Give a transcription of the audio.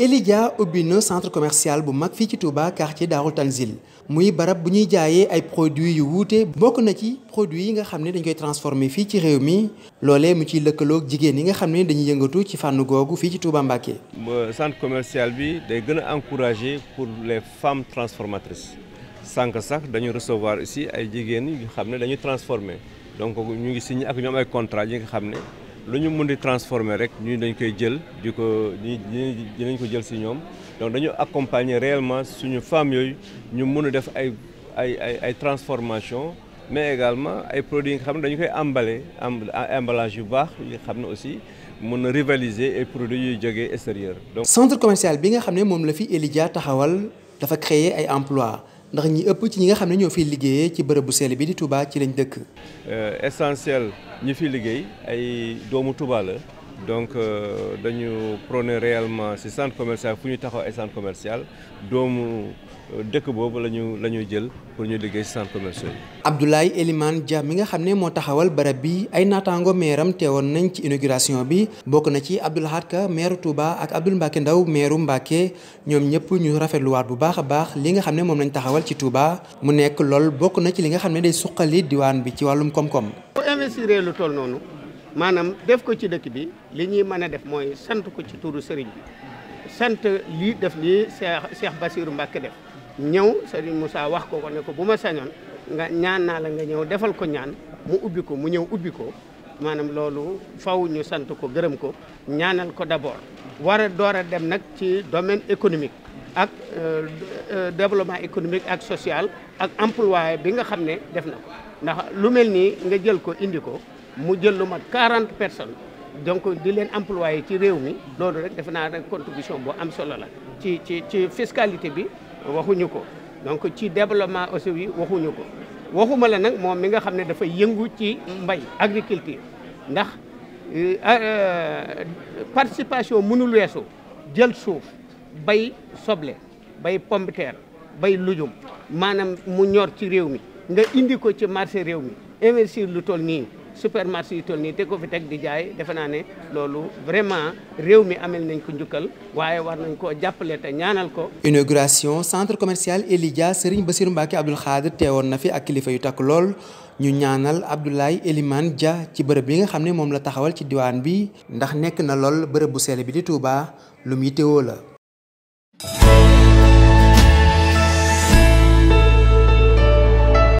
Elidia ubbi na centre commercial bu mag fii ci Touba quartier Daarul Tanzil muy barab bu ñuy jaayee ay produit yu wuute bokk na ci produits yi nga xam ne dañ koy transformé fii ci réew mi loole mu ciy lëkkaloog jigéen yi nga xam ne dañuy yëngatu ci fànn googu fii ci Touba Mbacké. centre commercial bi day gën a encouragé pour les femmes transformatrices sànq sax dañu recevoir ici ay jigéen yu xam ne dañu transformé donc ñu ngi signé ak ñoom ay contrat yi nga xam ne. lu ñu mun di transformer rek ñu dañ koy jël di ko di dinañ ko jël si ñoom donc dañu accompagner réellement suñu femmes yooyu ñu mun a def ay ay ay ay transformation mais également ay produits yi nga xam ne dañu koy emballé emballage yu baax yi xam ne aussi mun na rivaliser ay produits yuy jógee extérieur donc centre commercial bi nga xam ne moom la fi Elidia taxawal dafa créer ay emplois ndax ñi ëpp ci ñi nga xam ne ñoo fiy liggéeyee ci bërëb bu sell bi di Touba ci lañu dëkk. Euh, essentiel ñi fiy liggéey ay doomu Touba la. donc euh, dañu prôner réellement ci centre commercial fu ñu taxaw ay centre commercial doomu euh, dëkk boobu la ñu la jël pour ñu liggéey ci centre commercial yi. Abdoulaye Elimane Dia mi nga xam ne moo taxawal barab bi ay naataango meeram woon nañ ci inauguration bi bokk na ci Abdou Lahad Ka meeru Touba ak Abdoul Mbacké Ndaw meeru Mbacké ñoom ñëpp ñu rafetluwaat bu baax a baax li nga xam ne moom lañu taxawal ci Touba mu nekk lool bokk na ci li nga xam ne day suqali diwaan bi ci wàllum koom-koom. noonu. maanaam def ko ci dëkk bi li ñuy mën a def mooy sant ko ci turu sëriñ bi sant lii def lii Cheikh Cheikh Bassirou Mbacké def ñëw sëriñ Moussa wax ko ko ne ko bu ma sañoon nga ñaan naa la nga ñëw defal ko ñaan mu ubbi ko mu ñëw ubbi ko maanaam loolu faw ñu sant ko gërëm ko ñaanal ko d'abord war a door dem nag ci domaine économique ak euh, euh, développement économique ak sociale ak emploi bi nga xam ne def na ndax lu mel nii nga jël ko indi ko mu jël lu mat quarante personnes donc di leen employé ci réew mi loolu rek defe naa rek contribution bu am solo la ci ci ci fiscalité bi waxuñu ko donc ci développement aussi yi waxuñu ko waxuma la nag moom mi nga xam ne dafa yëngu ci mbay agriculture ndax euh, euh, participation mënul weesu jël suuf bay soble bay pomme terre bay lujum maanaam mu ñor ci réew mi nga indi ko ci marché réew mi investir lu toll nii supermarché yu toll nii te ko fi teg di jaay defe naa ne loolu vraiment réew mi amel nañ ko njukkal waaye war nañ ko jàppale te ñaanal ko. inauguration centre commercial Elidia Serigne Bassirou Mbacké Abdoul Khadir teewoon na fi ak kilifa yu takk lool ñu ñaanal Abdoulaye Elimane Dia ci bërëb bi nga xam ne moom la taxawal ci diwaan bi ndax nekk na lool bërëb bu sell bi di Touba lu mu yittewoo la.